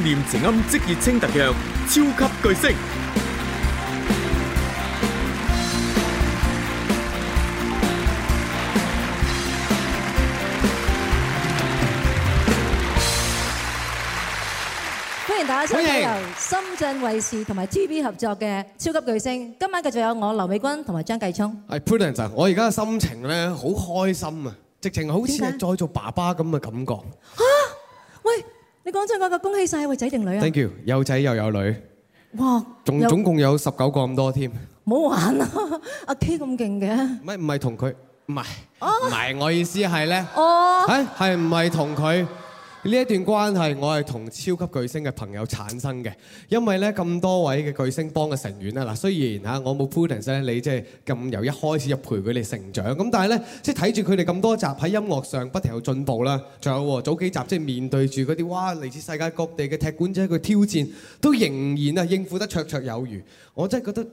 念情庵即熱清特嘅超級巨星。歡迎大家收睇，由深圳衛視同埋 TV 合作嘅《超級巨星》。今晚繼續有我劉美君同埋張繼聰。係我而家嘅心情咧，好開心啊，直情好似再做爸爸咁嘅感覺。吓、啊，喂！你講出嗰個恭喜晒，喎，仔定女啊！Thank you，有仔又有女。哇！仲總共有十九個咁多添。冇玩啦，阿 K 咁勁嘅。唔係唔係同佢，唔係唔係，我意思係咧。哦、啊。係係唔係同佢？呢一段關係，我係同超級巨星嘅朋友產生嘅，因為咧咁多位嘅巨星幫嘅成員啦，嗱，雖然吓我冇 Prudence 咧，你即係咁由一開始就陪佢哋成長，咁但係咧即係睇住佢哋咁多集喺音樂上不停有進步啦，仲有早幾集即係面對住嗰啲哇嚟自世界各地嘅踢館者嘅挑戰，都仍然啊應付得綽綽有餘，我真係覺得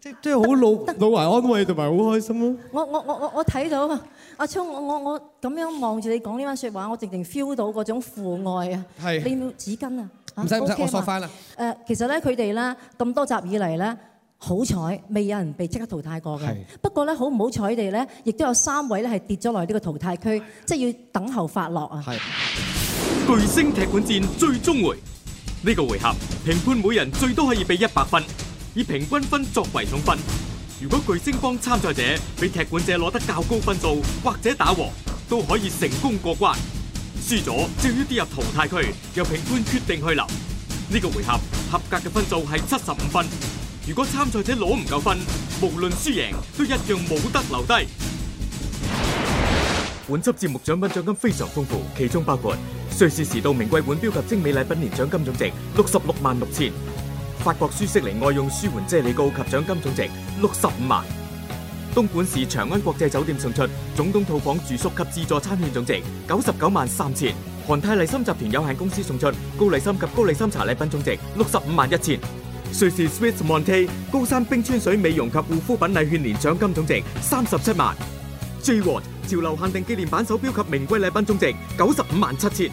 即係即好老老懷安慰同埋好開心咯。我我我我我睇到。阿聰，我我我咁樣望住你講呢番説話，我直情 feel 到嗰種父愛啊！係，你要紙巾啊？唔使唔使，我放翻啦。誒，其實咧，佢哋咧咁多集以嚟咧，好彩未有人被即刻淘汰過嘅。不過咧，好唔好彩哋咧，亦都有三位咧係跌咗落呢個淘汰區，即係、就是、要等候發落啊！係。巨聲踢館戰最終回呢、這個回合，評判每人最多可以俾一百分，以平均分作為總分。如果巨星幫參賽者比踢館者攞得較高分數或者打和，都可以成功過關。輸咗就要跌入淘汰區，由評判決定去留。呢個回合合格嘅分數係七十五分。如果參賽者攞唔夠分，無論輸贏都一樣冇得留低。本輯節目獎品獎金非常豐富，其中包括瑞士時度名貴腕表及精美禮品，年獎金總值六十六萬六千。法國舒適靈外用舒緩啫喱膏及獎金總值六十五萬。東莞市長安國際酒店送出總統套房住宿及自助餐券總值九十九萬三千。韓泰麗森集團有限公司送出高麗參及高麗參茶禮品總值六十五萬一千。瑞士 Swiss Monty 高山冰川水美容及護膚品禮券年獎金總值三十七萬。J One 潮流限定紀念版手錶及名貴禮品總值九十五萬七千。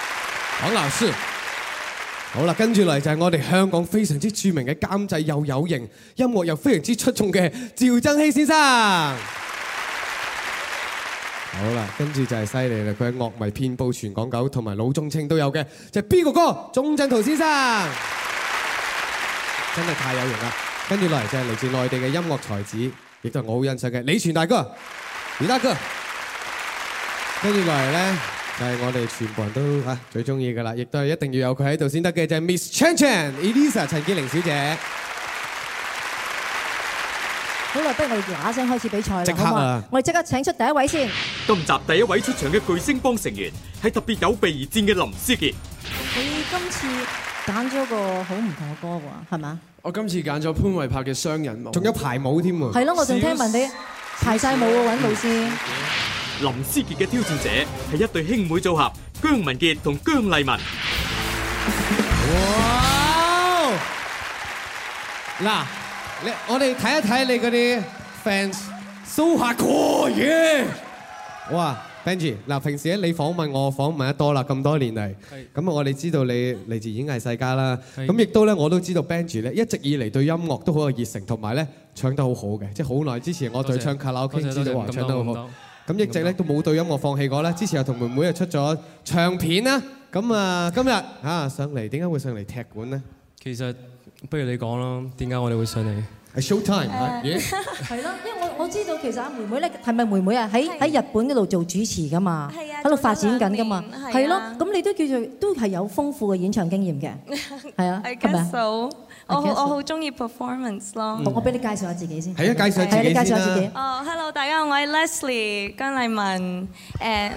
孔老師，好啦，跟住嚟就係我哋香港非常之著名嘅監製又有型，音樂又非常之出眾嘅趙增熹先生。好啦，跟住就係犀利啦，佢嘅樂迷遍布全港九，同埋老中青都有嘅，就係 B 哥哥鍾鎮濤先生，真係太有型啦！跟住落嚟就係來自內地嘅音樂才子，亦都係我好欣賞嘅李泉大哥，李大哥，跟住落嚟咧。就係我哋全部人都嚇最中意嘅啦，亦都係一定要有佢喺度先得嘅，就係 Miss Chan Chan Elisa 陳潔玲小姐。好啦，不如我哋呀聲開始比賽啦。即刻啊！我哋即刻請出第一位先。今集第一位出場嘅巨星幫成員係特別有備而戰嘅林思傑。你今次揀咗個好唔同嘅歌喎，係嘛？我今次揀咗潘瑋柏嘅雙人舞，仲有排舞添喎。係咯，我仲聽聞你排曬舞揾老師。林思傑嘅挑戰者係一對兄妹組合姜文傑同姜麗文。哇！嗱，我哋睇一睇你啲 fansso hard 嘢。哇，Benji，嗱，平時咧你訪問我訪問得多啦，咁多年嚟。係。咁啊，我哋知道你嚟自演藝世家啦。係。咁亦都咧，我都知道 Benji 咧，一直以嚟對音樂都好有熱誠，同埋咧唱得好好嘅。即係好耐之前，我對唱卡拉 OK 知道話唱得好好。咁一直咧都冇對音樂放棄過咧，之前又同妹妹又出咗唱片啦，咁啊今日嚇上嚟點解會上嚟踢館咧？其實不如你講咯，點解我哋會上嚟？係 showtime 嚇，係咯，因為我我知道其實阿妹妹咧係咪妹妹啊？喺喺日本嗰度做主持噶嘛，喺度發展緊噶嘛，係咯，咁你都叫做都係有豐富嘅演唱經驗嘅，係啊，係琴日。我好我好中意 performance 咯，我俾你介紹，下自，介紹下自己先。係啊，介紹下自己哦、oh，hello 大家好，我係 Leslie 姜麗文。誒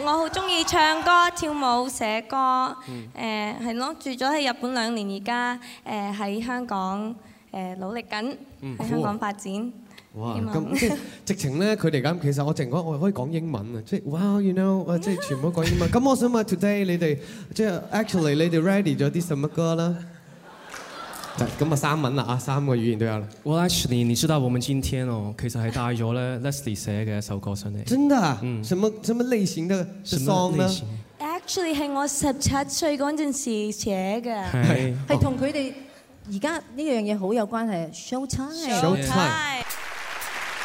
誒，我好中意唱歌、跳舞、寫歌。誒係咯，住咗喺日本兩年，而家誒喺香港誒努力緊，喺香港發展。Mm-hmm. 哇！咁即係直情咧，佢哋咁。其實我淨講，我係可以講英文啊。即係哇，you know，即係全部講英文。咁 我想問，today 你哋即係 actually 你哋 ready 咗啲什麼歌啦？咁 啊，三文啦啊，三個語言都有。我 Actually，你知道我們今天哦，其實係帶咗咧 Leslie 寫嘅一首歌上嚟。真的？嗯。什麼什麼類型嘅 song？什麼類型？Actually 係我十七歲嗰陣時寫嘅，係同佢哋而家呢樣嘢好有關係。Showtime。Showtime show。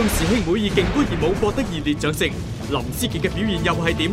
當師兄妹以勁歌熱舞博得熱烈掌聲，林思杰嘅表現又係點？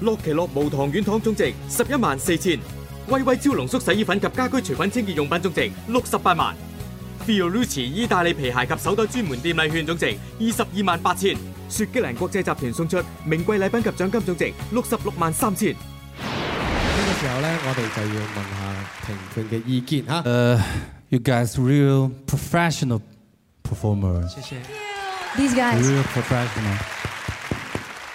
樂奇樂無糖軟糖總值十一萬四千，威威超濃縮洗衣粉及家居除粉清潔用品總值六十八萬，Fiorucci 意大利皮鞋及手袋專門店禮券總值二十二萬八千，雪肌蘭國際集團送出名貴禮品及獎金總值六十六萬三千。呢個時候咧，我哋就要問下評判嘅意見吓。誒，You guys real professional performer。謝謝。These guys。Real professional。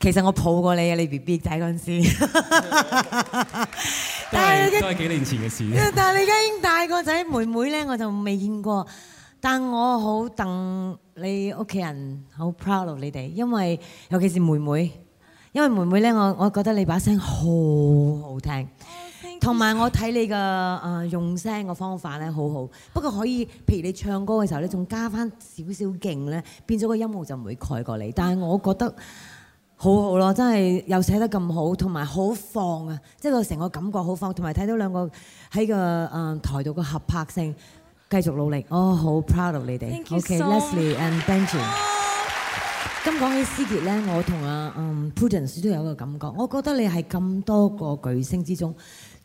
其實我抱過你嘅，你 B B 仔嗰陣時 是，但係都係幾年前嘅事。但係你而家已經大個仔。 妹妹咧，我就未見過。 但我好鄧你屋企人，好 proud of 你哋，因為尤其是妹妹，因為妹妹咧，我我覺得你把聲好好聽，同、oh, 埋我睇你嘅誒、呃、用聲嘅方法咧，好好。不過可以，譬如你唱歌嘅時候你仲加翻少少勁咧，變咗個音樂就唔會蓋過你。但係我覺得。好好咯，真係又寫得咁好，同埋好放啊！即係個成個感覺好放，同埋睇到兩個喺個誒台度個合拍性，繼續努力，哦、oh,，好 proud of 你哋。OK, Leslie and Benji、oh. 咁講起思傑咧，我同阿嗯 Prudence 都有個感覺，我覺得你係咁多個巨星之中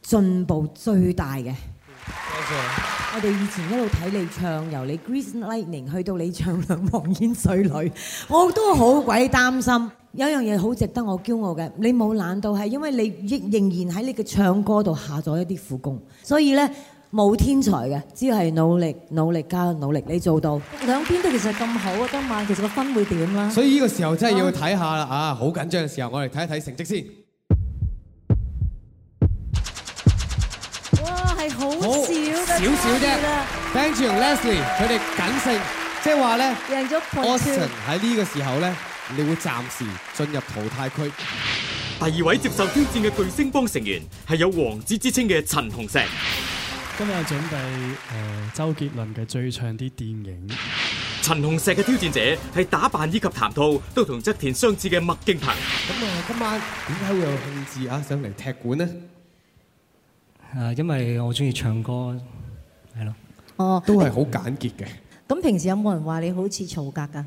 進步最大嘅。多謝。我哋以前一路睇你唱，由你《Grease Lightning》去到你唱《兩黃煙水裡》，我都好鬼擔心。有一樣嘢好值得我驕傲嘅，你冇懶到係因為你仍仍然喺你嘅唱歌度下咗一啲苦功，所以咧冇天才嘅，只要係努力、努力加努力，你做到。兩邊都其實咁好啊，今晚其實個分會點啊？所以呢個時候真係要睇下啦啊！好緊張嘅時候，我哋睇一睇成績先。哇，係好少少少啫。Thank you Leslie，佢哋緊勝，即係話咧贏咗喺呢個時候咧。你會暫時進入淘汰區。第二位接受挑戰嘅巨星幫成員係有王子之稱嘅陳鴻石，今日準備誒周杰倫嘅最長嘅電影。陳鴻石嘅挑戰者係打扮以及談吐都同側田相似嘅麥敬鵬。咁啊，今晚點解會有興致啊，上嚟踢館呢？誒，因為我中意唱歌，係咯。哦。都係好簡潔嘅。咁平時有冇人話你好似曹格噶？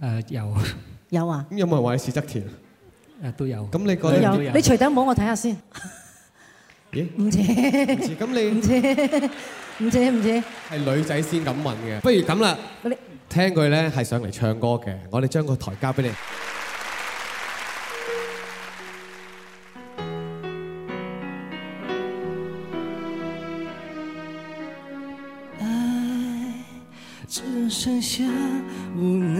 誒，有。有啊，咁有冇人話你史則田？啊都有。咁你覺得有，你除頂帽我睇下先。咦？唔知。唔知。唔知。唔知。唔知。係女仔先噉問嘅，不如咁啦，聽佢咧係上嚟唱歌嘅，我哋將個台交俾你。愛只剩下無奈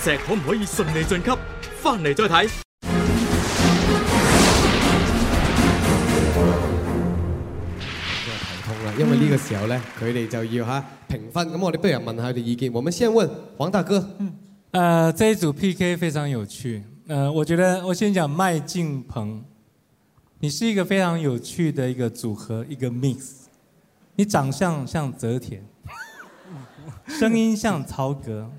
石可唔可以順利晉級？翻嚟再睇。因為呢個時候咧，佢、嗯、哋就要吓評分。咁我哋不如問下佢哋意見。我們先問黃大哥。嗯。誒、呃，呢組 P K 非常有趣。嗯、呃，我覺得我先講麥敬鵬，你是一個非常有趣的一個組合，一個 mix。你長相像澤田， 聲音像曹格。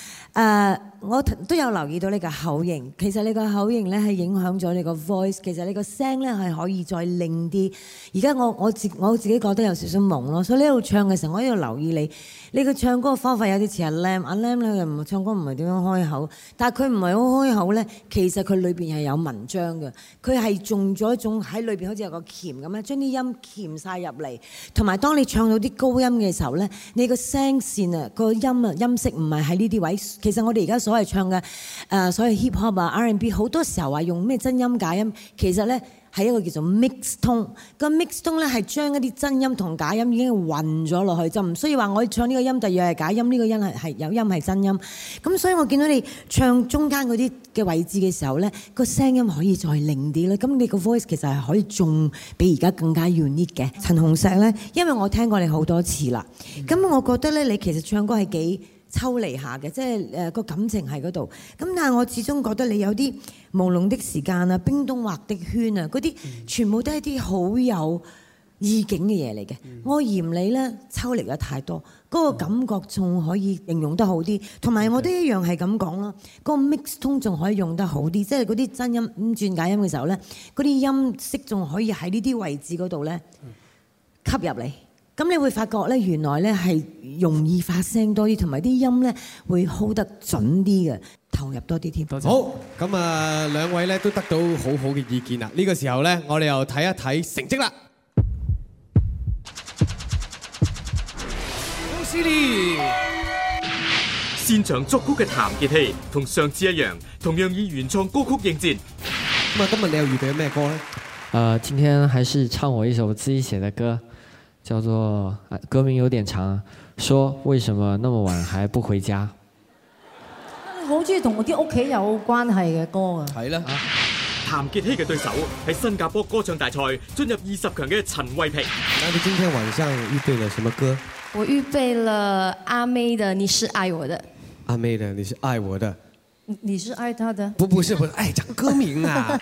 誒、uh,，我都有留意到你個口型。其實你個口型咧係影響咗你個 voice。其實你個聲咧係可以再靚啲。而家我我自我自己覺得有少少懵咯。所以呢度唱嘅時候，我喺度留意你。你個唱歌嘅方法有啲似阿 Lam 阿 Lam 咧又唔係唱歌唔係點樣開口，但係佢唔係好開口咧，其實佢裏邊係有文章嘅。佢係中咗一種喺裏邊好似有個鉗咁樣，將啲音鉗晒入嚟。同埋當你唱到啲高音嘅時候咧，你個聲線啊，個音啊，音色唔係喺呢啲位。其實我哋而家所謂唱嘅，誒、呃，所謂 hip hop 啊、R&B 好多時候話用咩真音假音，其實咧係一個叫做 mixed tone。咁 mixed tone 咧係將一啲真音同假音已經混咗落去，就唔需要話我唱呢個音就又係假音，呢、呢個音係係有音係真音。咁所以我見到你唱中間嗰啲嘅位置嘅時候咧，那個聲音可以再靈啲咯。咁你個 voice 其實係可以仲比而家更加 unique 嘅。陳紅石咧，因為我聽過你好多次啦，咁我覺得咧你其實唱歌係幾。抽離下嘅，即係誒個感情喺嗰度。咁但係我始終覺得你有啲朦朧的時間啊、嗯、冰凍畫的圈啊，嗰啲全部都係啲好有意境嘅嘢嚟嘅。我嫌你呢抽離得太多，嗰、那個感覺仲可以形容得好啲。同、嗯、埋我都一樣係咁講咯，嗰、那個 mix tone 仲可以用得好啲、嗯，即係嗰啲真音咁轉假音嘅時候呢，嗰啲音色仲可以喺呢啲位置嗰度呢，吸入嚟。咁你會發覺咧，原來咧係容易發聲多啲，同埋啲音咧會 hold 得準啲嘅，投入多啲添。多謝。好，咁啊，兩位咧都得到好好嘅意見啦！呢個時候咧，我哋又睇一睇成績啦。恭喜你！擅長作曲嘅譚傑希同上次一樣，同樣以原創歌曲應戰。咁啊，今日你又預備咗咩歌咧？啊，今天還是唱我一首自己寫嘅歌。叫做歌名有點長，啊，說為什麼那麼晚還不回家？好中意同我啲屋企有關係嘅歌啊。係 啦樂，譚傑希嘅對手喺新加坡歌唱大賽進入二十強嘅陳慧平。那你今天晚上預備了什麼歌？我預備了阿妹的《你是愛我的》。阿妹的《你是愛我的》。你是愛他的？不，不是，我愛講歌名啊。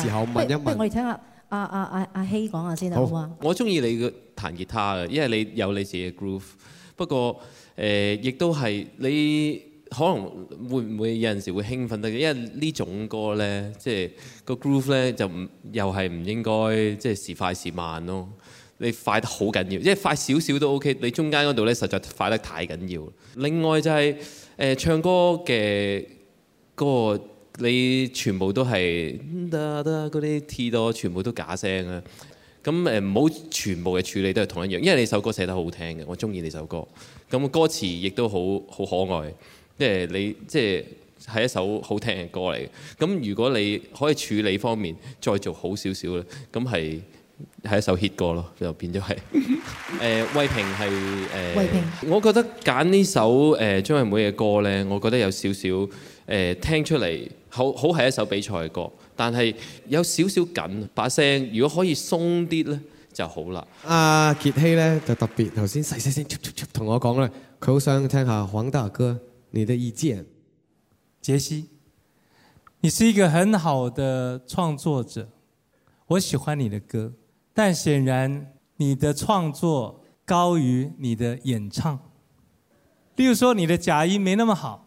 的時候問一問，我哋聽下阿阿阿阿希講下先啦。好啊，好，我中意你嘅彈吉他嘅，因為你有你自己嘅 groove。不過誒，亦、呃、都係你可能會唔會有陣時會興奮得，因為呢種歌咧，即係個 groove 咧就唔、是、又係唔應該即係、就是、時快時慢咯。你快得好緊要，因為快少少都 OK。你中間嗰度咧，實在快得太緊要。另外就係、是、誒、呃、唱歌嘅嗰、那個。你全部都係嗰啲 T 多，全部都係假聲啊！咁誒唔好全部嘅處理都係同一樣，因為你首歌寫得好聽嘅，我中意你首歌。咁歌詞亦都好好可愛，即係你即係係一首好聽嘅歌嚟。咁如果你可以處理方面再做好少少咧，咁係係一首 hit 歌咯，又變咗係誒。魏、 呃、平係誒，魏、呃、平，我覺得揀呢首誒張惠妹嘅歌呢，我覺得有少少。誒聽出嚟好好係一首比賽嘅歌，但係有少少緊把聲，如果可以鬆啲咧就好啦。阿杰希咧就特別頭先細細聲，同我講咧，佢好想聽下黃大哥你嘅意見。杰希，你是一個很好的創作者，我喜歡你的歌，但顯然你的創作高於你的演唱。例如說，你的假音沒那麼好。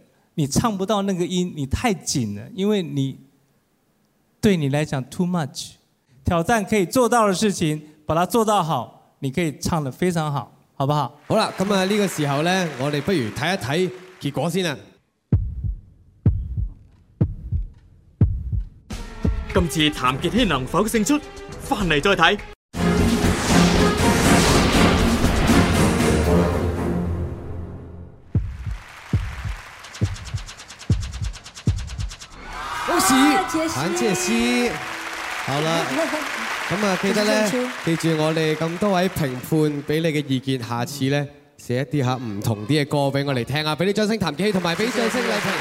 你唱不到那個音，你太緊了，因為你對你來講 too much。挑戰可以做到的事情，把它做到好，你可以唱得非常好，好不好？好啦，咁啊，呢個時候咧，我哋不如睇一睇結果先啊。今次譚杰希能否勝出？翻嚟再睇。譚杰希，好啦，咁啊，記得咧，記住我哋咁多位評判俾你嘅意見，下次咧寫一啲吓唔同啲嘅歌俾我哋聽啊！俾啲掌聲譚杰希，同埋俾掌聲麗萍。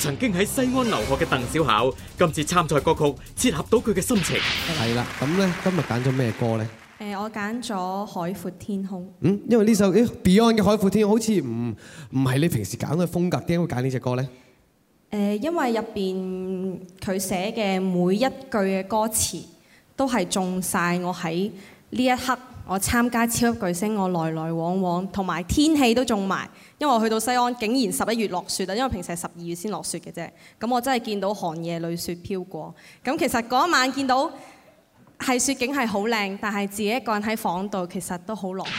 曾經喺西安留學嘅鄧小巧，今次參賽歌曲切合到佢嘅心情。係啦，咁咧，今日揀咗咩歌咧？誒，我揀咗《海闊天空》。嗯，因為呢首 Beyond 嘅《海闊天空》好似唔唔係你平時揀嘅風格，點解會揀呢隻歌呢？因為入邊佢寫嘅每一句嘅歌詞，都係中晒。我喺呢一刻，我參加超級巨星，我來來往往，同埋天氣都中埋。因為我去到西安，竟然十一月落雪啦！因為平時係十二月先落雪嘅啫。咁我真係見到寒夜裏雪飄過。咁其實嗰晚見到。係雪景係好靚，但係自己一個人喺房度其實都好落寞。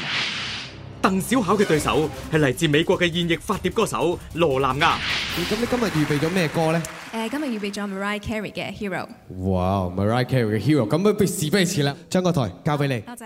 鄧小巧嘅對手係嚟自美國嘅現役發碟歌手羅南亞。咁你今日預備咗咩歌咧？誒，今日預備咗 Mariah Carey 嘅 Hero。哇，Mariah Carey 嘅 Hero，咁不如試多次啦，將個台交俾你。多謝。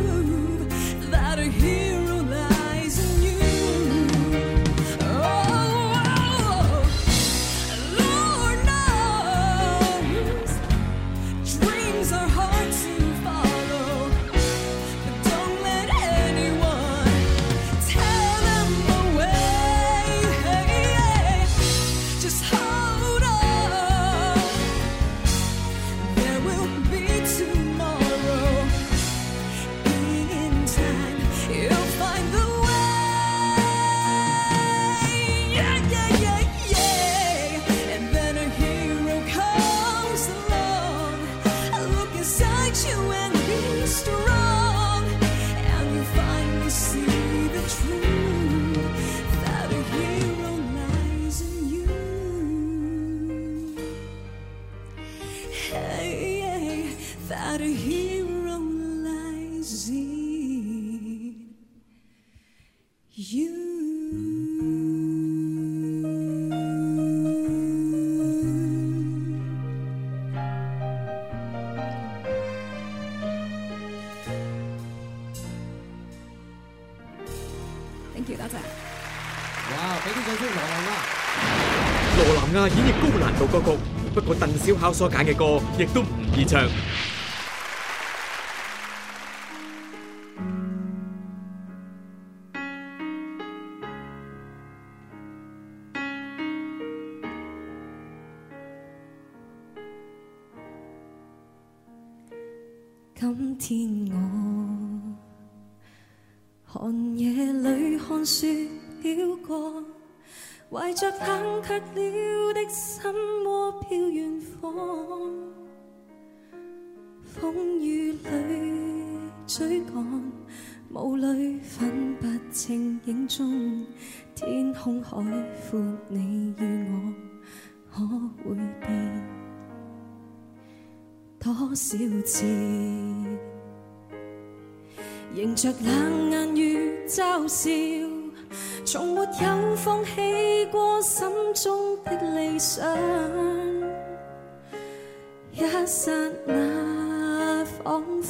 拋所揀嘅歌，亦都唔易唱。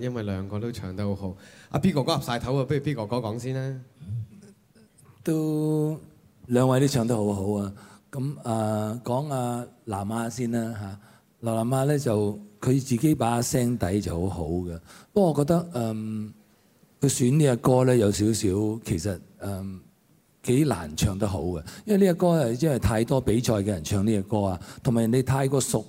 因為兩個都唱得好好。阿 B 哥哥岌曬頭啊，不如 B 哥哥講先啦。都兩位都唱得好好啊。咁啊、呃，講阿南亞先啦嚇。劉南亞咧就佢自己把聲底就好好嘅。不過我覺得嗯，佢選呢個歌咧有少少，其實嗯幾難唱得好嘅。因為呢個歌係因為太多比賽嘅人唱呢個歌啊，同埋人哋太過熟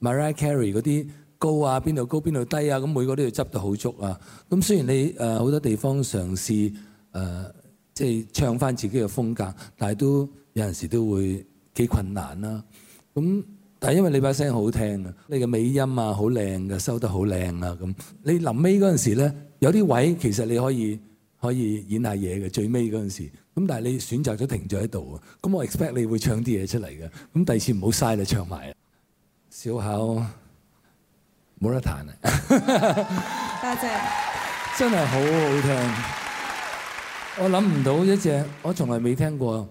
Mariah Carey 嗰啲。高啊，邊度高邊度低啊？咁每個都要執得好足啊。咁雖然你誒好多地方嘗試誒、呃，即係唱翻自己嘅風格，但係都有陣時都會幾困難啦。咁但係因為你把聲好聽啊，你嘅尾音啊好靚嘅，收得好靚啊咁。你臨尾嗰陣時咧，有啲位其實你可以可以演下嘢嘅，最尾嗰陣時。咁但係你選擇咗停咗喺度啊。咁我 expect 你會唱啲嘢出嚟嘅。咁第二次唔好嘥啦，唱埋。小巧。冇得彈啦！多謝，真係好好聽。我諗唔到一隻，我從來未聽過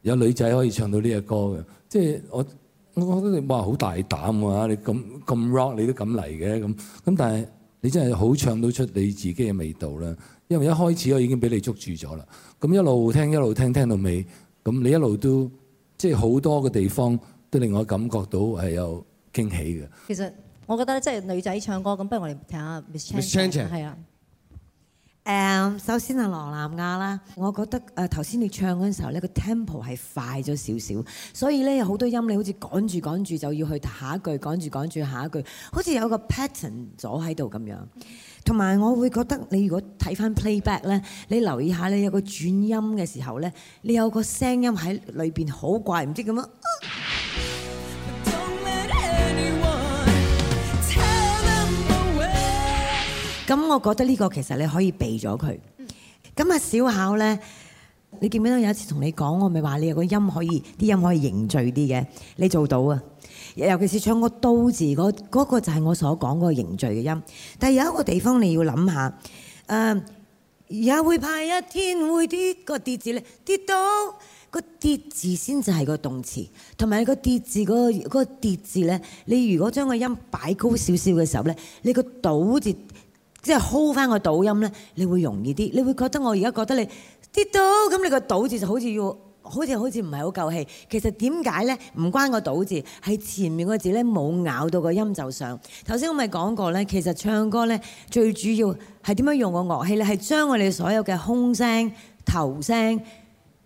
有女仔可以唱到呢隻歌嘅。即係我，我覺得你哇好大膽喎、啊、你咁咁 rock，你都敢嚟嘅咁咁，但係你真係好唱到出你自己嘅味道啦。因為一開始我已經俾你捉住咗啦。咁一路聽一路聽，一路聽，聽到尾咁，你一路都即係好多嘅地方都令我感覺到係有驚喜嘅。其實。我覺得即係女仔唱歌咁，不如我哋聽下 Miss Chang 嘅。係啊，誒、uh，首先係羅南亞啦。我覺得誒頭先你唱嗰陣時候呢個 tempo 係快咗少少，所以咧有好多音，你好似趕住趕住就要去下一句，趕住趕住下一句，好似有個 pattern 咗喺度咁樣。同埋我會覺得你如果睇翻 playback 咧，你留意下你有個轉音嘅時候咧，你有個聲音喺裏邊好怪，唔知點啊。咁，我覺得呢個其實你可以避咗佢。咁啊，小巧呢，你記唔記得有一次同你講，我咪話你有個音可以啲音可以凝聚啲嘅，你做到啊。尤其是唱個刀字」字、那、嗰個就係我所講嗰個凝聚嘅音。但係有一個地方你要諗下，誒、呃、也會派一天會跌、那個跌字咧跌到、那個跌字先至係個動詞，同埋個跌字嗰、那個那個跌字呢，你如果將個音擺高少少嘅時候呢，你、那個倒字。即係 hold 翻個倒音呢，你會容易啲。你會覺得我而家覺得你跌到，咁，你個倒字就好似要好似好似唔係好夠氣。其實點解呢？唔關個倒字，係前面個字呢冇咬到個音就上。頭先我咪講過呢，其實唱歌呢，最主要係點樣用個樂器呢？係將我哋所有嘅胸聲、頭聲，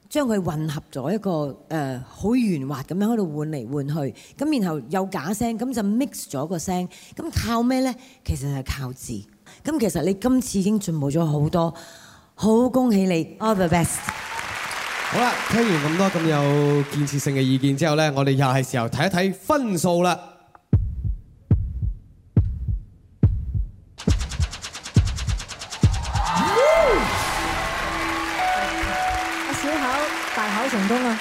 將佢混合咗一個誒好、呃、圓滑咁樣喺度換嚟換去。咁然後有假聲，咁就 mix 咗個聲。咁靠咩呢？其實係靠字。咁其實你今次已經進步咗好多，好恭喜你！All the best。好啦，聽完咁多咁有建設性嘅意見之後咧，我哋又係時候睇一睇分數啦。小考大考成功啊！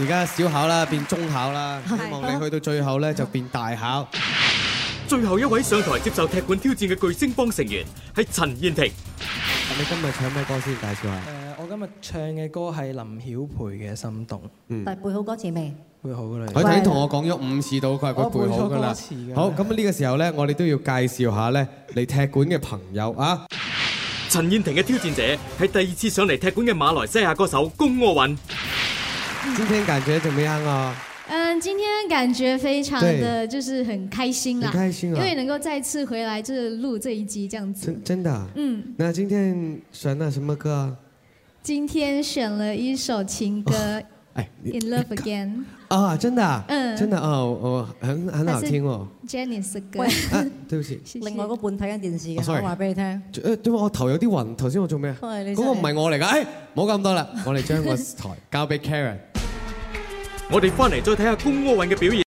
而家小考啦，變中考啦，希望你去到最後咧就變大考。最後一位上台接受踢館挑戰嘅巨星幫成員係陳燕婷。你今日唱咩歌先介紹下？誒，我今日唱嘅歌係林曉培嘅《心動》。嗯。但係背好歌詞未？背好啦。佢已經同我講咗五次到，佢係個背好噶啦。我背錯歌詞嘅。好，咁呢個時候咧，我哋都要介紹下咧，嚟踢館嘅朋友啊。陳燕婷嘅挑戰者係第二次上嚟踢館嘅馬來西亞歌手龔柯允。今天感覺怎麼樣啊？嗯，今天感覺非常的就是很開心啊，很開心啊，因為能夠再次回來就是錄這一集這樣子，真真的、啊。嗯，那今天選了什麼歌、啊？今天選了一首情歌，哎、oh,，In Love Again、哎哎哎哎。啊，真的、啊，嗯，真的哦，哦、oh, oh, oh，很很好聽哦。Jenny 的歌。Ah, 對不起，謝謝另外嗰半睇緊電視嘅，oh, 我話俾你聽。誒，對，我頭有啲暈，頭先我做咩啊？Oh, 那個、我係你。嗰個唔係我嚟噶，哎，冇講咁多啦，我嚟將個台交俾 Karen。我哋翻嚟再睇下工奧運嘅表演。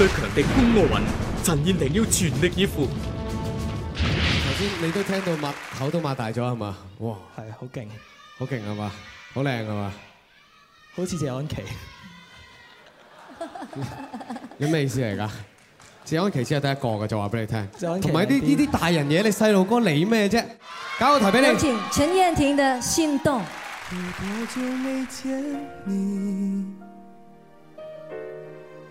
最強的公奧運，陳燕婷要全力以赴。頭先你都聽到擘口都擘大咗係嘛？哇，係好勁，好勁係嘛？好靚係嘛？好似謝安琪。有 咩意思嚟噶？謝安琪只係第一個嘅，就話俾你聽。同埋啲呢啲大人嘢，你細路哥理咩啫？搞個題俾你。陳燕婷嘅心動。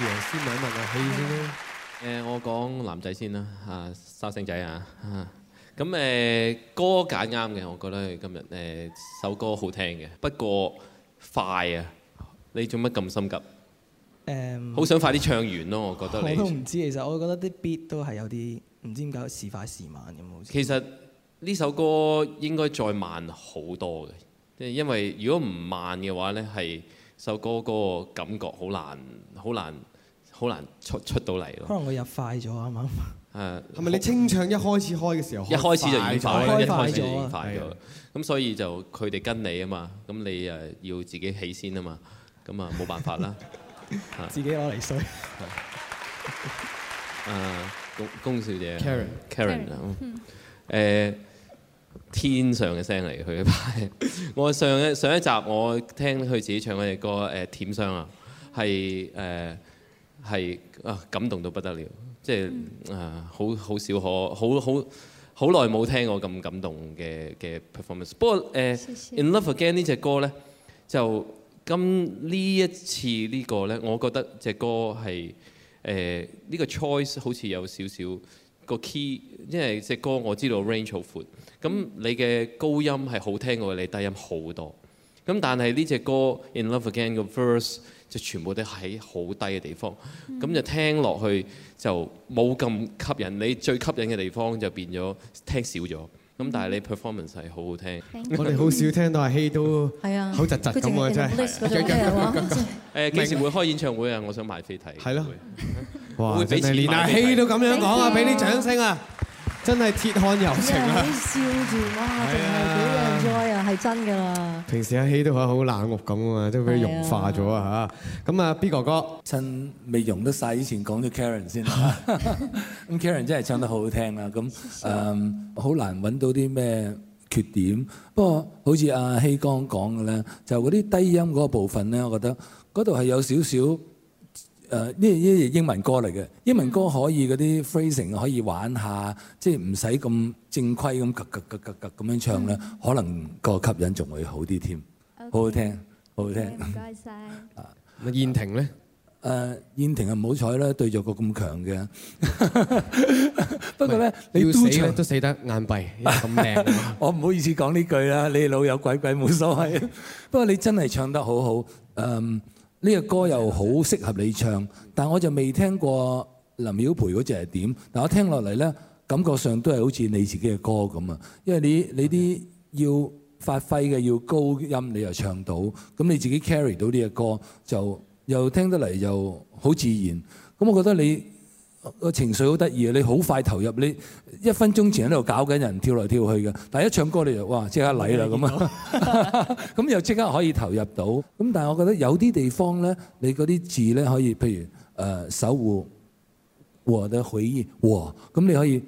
先買埋架戲先啦。我講男仔先啦，嚇沙星仔啊，咁誒、啊啊啊、歌揀啱嘅，我覺得今日誒、啊、首歌好聽嘅。不過快啊，你做乜咁心急？誒、嗯，好想快啲唱完咯，我覺得你。我都唔知，其實我覺得啲 beat 都係有啲唔知點解時快時慢咁。其實呢首歌應該再慢好多嘅，因為如果唔慢嘅話咧，係首歌嗰個感覺好難，好難。好難出出到嚟咯。可能佢入快咗啱唔啱？係、啊。係咪你清唱一開始開嘅時候？一開始就已經快，開快咗啦。咁所以就佢哋跟你，你啊嘛，咁你誒要自己起先啊嘛，咁啊冇辦法啦、 啊。自己攞嚟衰。啊， 公小姐。Karen。Karen, Karen。誒、嗯，天上嘅聲嚟，佢呢排。我上一上一集我聽佢自己唱嗰隻歌舔傷啊，係誒。係啊，感動到不得了，即係、嗯、啊，好好少可，好好好耐冇聽過咁感動嘅嘅 performance。不過誒，《In Love Again》呢隻歌呢，就咁呢一次呢個呢，我覺得隻歌係誒呢個 choice 好似有少少個 key，因為隻歌我知道 range 好闊，咁你嘅高音係好聽過你低音好多，咁但係呢隻歌《In Love Again》嘅 verse。就全部都喺好低嘅地方，咁就聽落去就冇咁吸引。你最吸引嘅地方就變咗聽少咗。咁但係你 performance 係好好聽，我哋好少聽到阿希、hey、都好窒窒咁啊！真係誒幾時會開演唱會啊？我想買飛睇。係咯、hey，哇！連阿希都咁樣講啊，俾啲掌聲啊！真係鐵漢柔情啊！笑住咯，定係幾開係真噶啦！平時阿希都話好冷漠咁啊，都俾融化咗啊嚇！咁啊 B 哥哥，趁未融得晒，以前講咗 Karen 先咁 Karen 真係唱得好好聽啦，咁誒好難揾到啲咩缺點。不過好似阿希剛講嘅咧，就嗰、是、啲低音嗰個部分咧，我覺得嗰度係有少少誒，呢呢啲英文歌嚟嘅，英文歌可以嗰啲 phrasing 可以玩下，即係唔使咁。正規咁格格格格格咁樣唱咧，可能個吸引仲會好啲添，好好聽，好好聽。唔該晒。啊，燕婷咧？誒，燕婷啊，唔好彩啦，對住個咁強嘅。不過咧，你要死咧都死得眼閉，咁靚。我唔好意思講呢句啦，你哋老友鬼鬼冇所謂。不過你真係唱得好好，誒，呢個歌又好適合你唱，但我就未聽過林曉培嗰隻係點。但我聽落嚟咧。感覺上都係好似你自己嘅歌咁啊，因為你你啲要發揮嘅要高音，你又唱到，咁你自己 carry 到呢個歌，就又聽得嚟又好自然。咁我覺得你、個情緒好得意啊，你好快投入，你一分鐘前喺度搞緊人跳來跳去嘅，但係一唱歌你就哇即刻嚟啦咁啊，咁、okay. 又即刻可以投入到。咁但係我覺得有啲地方咧，你嗰啲字咧可以，譬如誒守護我的回憶，咁你可以。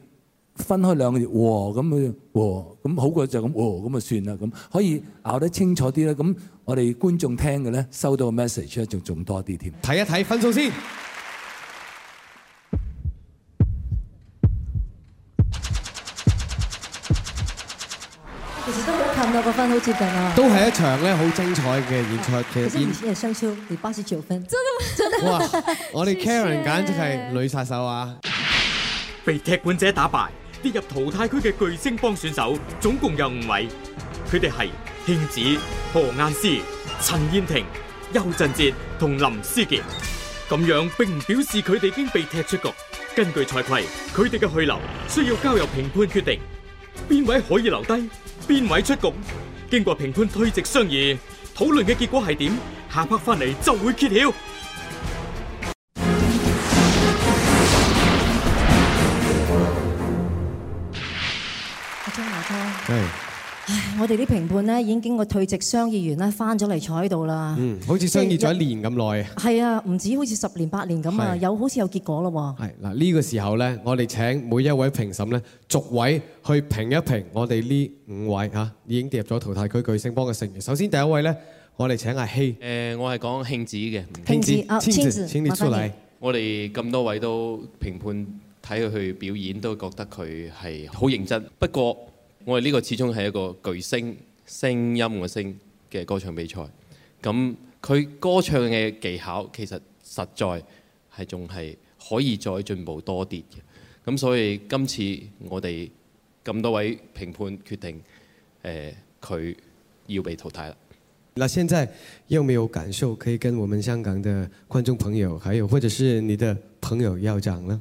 分開兩個月，哇咁樣，哇咁好過就咁，哇咁啊算啦，咁可以拗得清楚啲啦，咁我哋觀眾聽嘅咧，收到 message 仲仲多啲添。睇一睇分數先。其實都好近啊，個分好接近啊。都係一場咧好精彩嘅演出，其實八十九分。真真的哇！我哋 Karen 簡直係女殺手啊，謝謝，被踢館者打敗。跌入淘汰區嘅巨聲幫選手，總共有五位，佢哋係慶子、何雁詩、陳燕婷、邱振哲同林思杰。咁樣並唔表示佢哋已經被踢出局。根據賽規，佢哋嘅去留需要交由評判決定，邊位可以留低，邊位出局。經過評判退席商議討論嘅結果係點，下拍翻嚟就會揭曉。係，唉，我哋啲評判咧已經經過退席商議完咧，翻咗嚟坐喺度啦。嗯，好似商議咗一年咁耐。係啊，唔止好似十年八年咁啊，有好似有結果啦。係嗱，呢個時候咧，我哋請每一位評審咧，逐位去評一評我哋呢五位吓，已經跌入咗淘汰區巨聲幫嘅成員。首先第一位咧，我哋請阿希。誒、啊，我係講慶子嘅。慶子，請你出嚟。我哋咁多位都評判睇佢去表演，都覺得佢係好認真。不過。我哋呢個始終係一個巨聲聲音嘅聲嘅歌唱比賽，咁佢歌唱嘅技巧其實實在係仲係可以再進步多啲嘅，咁所以今次我哋咁多位評判決定，誒、呃、佢要被淘汰啦。嗱，現在有沒有感受可以跟我們香港的觀眾朋友，還有或者是你的朋友要講呢？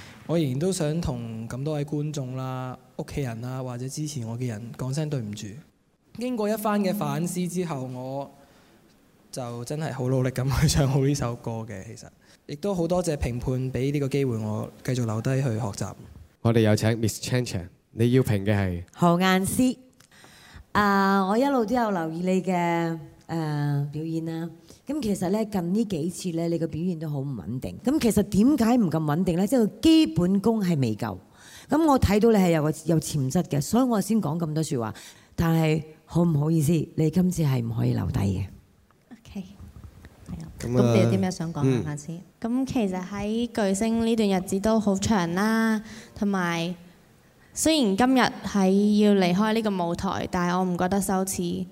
我仍然都想同咁多位觀眾啦、屋企人啦，或者支持我嘅人講聲對唔住。經過一番嘅反思之後，我就真係好努力咁去唱好呢首歌嘅。其實亦都好多謝評判俾呢個機會，我繼續留低去學習。我哋有請 Miss Chang Chang，你要評嘅係何雁詩。啊，uh，我一路都有留意你嘅，誒、呃、表演啦，咁其實咧近呢幾次咧，你個表現都好唔穩定。咁其實點解唔咁穩定咧？即係基本功係未夠。咁我睇到你係有個有潛質嘅，所以我先講咁多説話但，但係，好唔好意思，你今次係唔可以留低嘅。OK，咁你有啲咩想講下先？咁、嗯、其實喺巨星呢段日子都好長啦，同埋雖然今日係要離開呢個舞台，但係我唔覺得羞恥。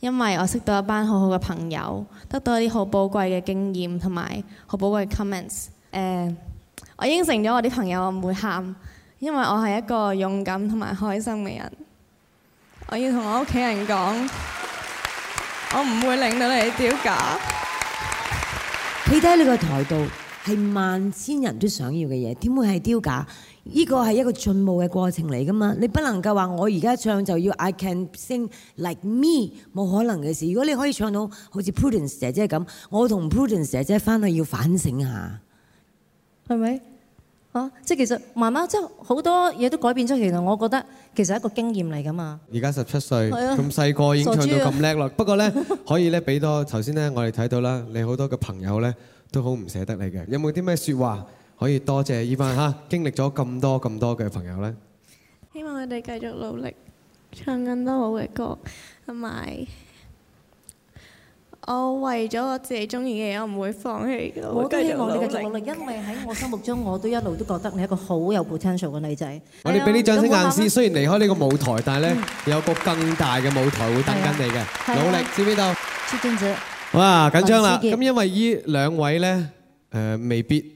因為我識到一班好好嘅朋友，得到一啲好寶貴嘅經驗同埋好寶貴嘅 comments。誒，我應承咗我啲朋友我唔會喊，因為我係一個勇敢同埋開心嘅人。我要同我屋企人講，我唔會令到你哋丟架。企喺你個台度係萬千人都想要嘅嘢，點會係丟架？呢個係一個進步嘅過程嚟噶嘛，你不能夠話我而家唱就要 I can sing like me，冇可能嘅事。如果你可以唱到好似 Prudence 姐姐咁，我同 Prudence 姐姐翻去要反省下，係咪？啊，即係其實慢慢即係好多嘢都改變咗。其實我覺得其實係一個經驗嚟噶嘛。而家十七歲咁細個已經唱到咁叻啦，啊、不過咧可以咧俾多頭先咧， 才我哋睇到啦，你好多嘅朋友咧都好唔捨得你嘅，有冇啲咩説話？可以多謝依班嚇，經歷咗咁多咁多嘅朋友咧，希望我哋繼續努力，唱更多好嘅歌，同埋我為咗我自己中意嘅嘢，我唔會放棄。我都希望你繼續努力，因為喺我心目中，我都一路都覺得你係一個好有 potential 嘅女仔。我哋俾啲掌聲，晏姿雖然離開呢個舞台，但係咧有個更大嘅舞台會等緊你嘅努力，知唔知道？出鏡者，哇緊張啦！咁因為呢兩位咧，誒未必。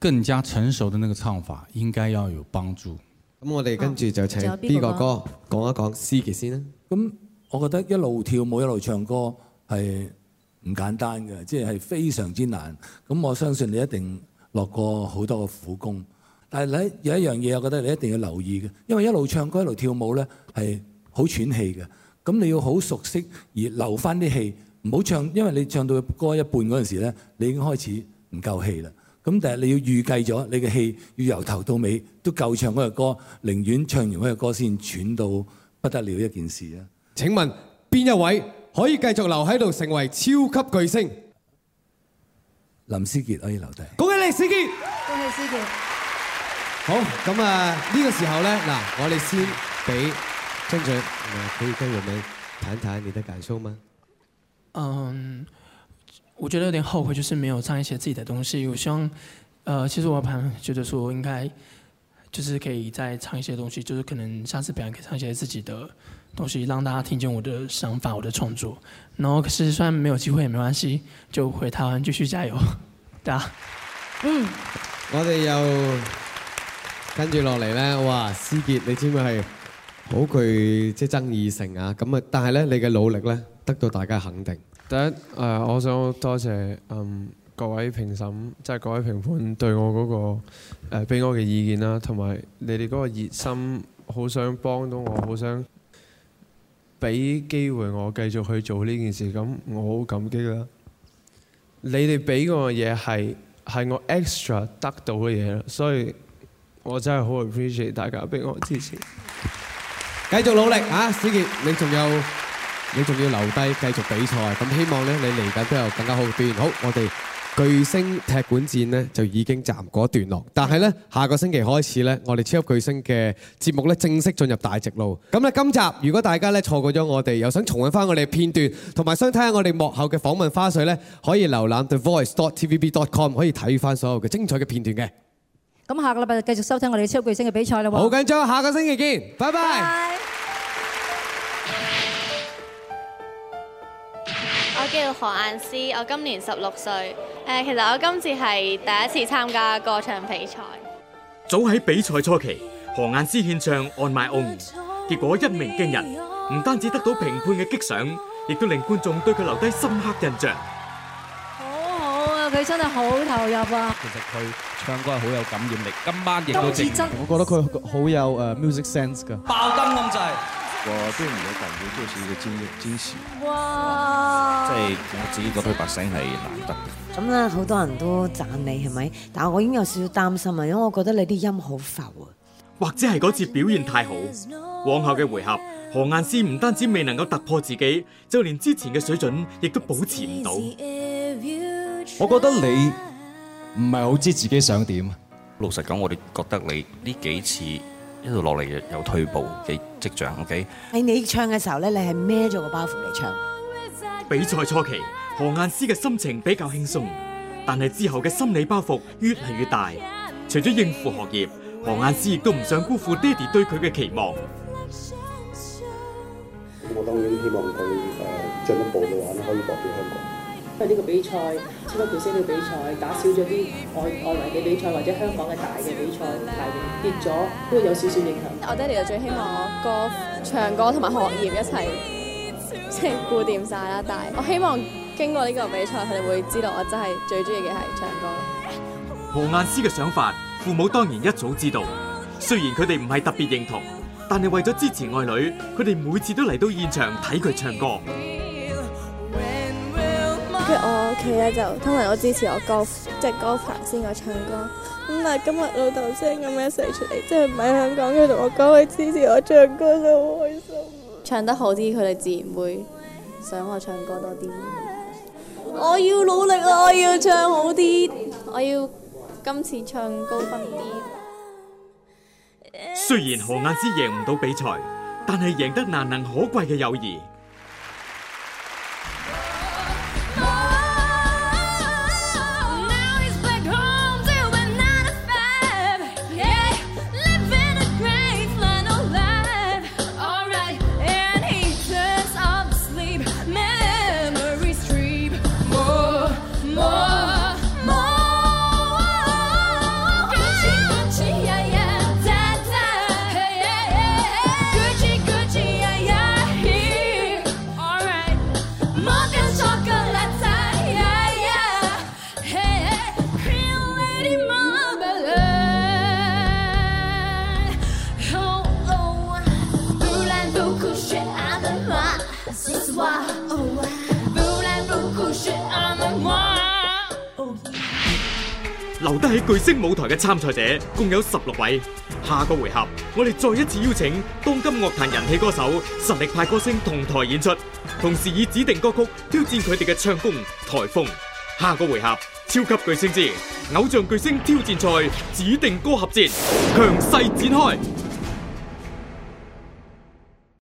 更加成熟的那個唱法應該要有幫助，哦。咁我哋跟住就請 B 哥哥講一講 C 級先啦。咁我覺得一路跳舞一路唱歌係唔簡單嘅，即係非常之難。咁我相信你一定落過好多嘅苦功。但係咧有一樣嘢，我覺得你一定要留意嘅，因為一路唱歌一路跳舞咧係好喘氣嘅。咁你要好熟悉而留翻啲氣，唔好唱，因為你唱到歌一半嗰陣時咧，你已經開始唔夠氣啦。咁但係你要預計咗，你嘅戲要由頭到尾都夠唱嗰隻歌，寧願唱完嗰隻歌先喘到不得了一件事啊！請問邊一位可以繼續留喺度成為超級巨星？林思傑可以留低。恭喜你思傑！恭喜思傑！好，咁啊呢個時候咧，嗱，我哋先俾張俊，可以跟我哋談一談你嘅感受嗎？嗯。我覺得有點後悔，就是沒有唱一些自己的東西。我希望，呃，其實我反而覺得說，應該就是可以再唱一些東西，就是可能下次表演可以唱一些自己的東西，讓大家聽見我的想法、我的創作。然後，可是雖然沒有機會也沒關係，就回台灣繼續加油。對呀，嗯。我哋又跟住落嚟呢。哇！思杰，你知唔知係好具即係爭議性啊？咁啊，但係咧，你嘅努力咧得到大家肯定。第一，誒，我想多謝嗯各位評審，即係各位評判對我嗰、那個誒，俾我嘅意見啦，同埋你哋嗰個熱心，好想幫到我，好想俾機會我繼續去做呢件事，咁我好感激啦。你哋俾我嘅嘢係係我 extra 得到嘅嘢，所以我真係好 appreciate 大家俾我支持，繼續努力啊！思傑，你仲有？你仲要留低繼續比賽，咁希望咧你嚟緊都有更加好嘅表現。好，我哋巨星踢館戰咧就已經暫過一段落，但係咧下個星期開始咧，我哋超級巨星嘅節目咧正式進入大直路。咁咧今集如果大家咧錯過咗我哋，又想重溫翻我哋嘅片段，同埋想睇下我哋幕後嘅訪問花絮咧，可以瀏覽 thevoice.tvb.com，可以睇翻所有嘅精彩嘅片段嘅。咁下個禮拜就繼續收聽我哋超級巨星嘅比賽啦喎！好緊張，下個星期見，拜拜。何雁詩，我今年十六歲。誒，其實我今次係第一次參加歌唱比賽。早喺比賽初期，何雁詩獻唱《On My Own》，結果一鳴驚人，唔單止得到評判嘅激賞，亦都令觀眾對佢留低深刻印象。好好啊，佢真係好投入啊！其實佢唱歌係好有感染力，今晚亦都正。我覺得佢好有誒 music sense 㗎。爆燈咁滯。我對你嘅感覺就是一個驚驚喜，即係我自己覺得把聲係難得嘅。咁咧，好多人都讚你係咪？但係我已經有少少擔心啊，因為我覺得你啲音好浮啊。或者係嗰次表現太好，往後嘅回合，何雁詩唔單止未能夠突破自己，就連之前嘅水準亦都保持唔到。我覺得你唔係好知自己想點。老實講，我哋覺得你呢幾次，一路落嚟有退步嘅跡象，OK。喺你唱嘅時候咧，你係孭咗個包袱嚟唱。比賽初期，何雁詩嘅心情比較輕鬆，但係之後嘅心理包袱越嚟越大。除咗應付學業，何雁詩亦都唔想辜負爹哋對佢嘅期望。嗯。我當然希望佢，呃，進一步嘅話，可以代表香港。因為呢個比賽超級巨聲嘅比賽，打少咗啲外外圍嘅比賽或者香港嘅大嘅比賽，排名跌咗，都有少少影響。我爹哋就最希望我歌唱歌同埋學業一齊，即係固掂晒啦，但係我希望經過呢個比賽，佢哋會知道我真係最中意嘅係唱歌。何雁詩嘅想法，父母當然一早知道，雖然佢哋唔係特別認同，但係為咗支持愛女，佢哋每次都嚟到現場睇佢唱歌。我屋企咧就通常我支持我歌即係歌凡先我唱歌，咁但今日老豆先咁樣一齊出嚟，即係唔係香港。佢同我哥去支持我唱歌，真好開心。唱得好啲，佢哋自然會想我唱歌多啲。我要努力，我要唱好啲，我要今次唱高分啲。雖然何雅芝贏唔到比賽，但係贏得難能可貴嘅友誼。留得起巨星舞台嘅參賽者共有十六位，下個回合我哋再一次邀請當今樂壇人氣歌手、實力派歌星同台演出，同時以指定歌曲挑戰佢哋嘅唱功、台風。下個回合超級巨星之偶像巨星挑戰賽指定歌合戰強勢展開。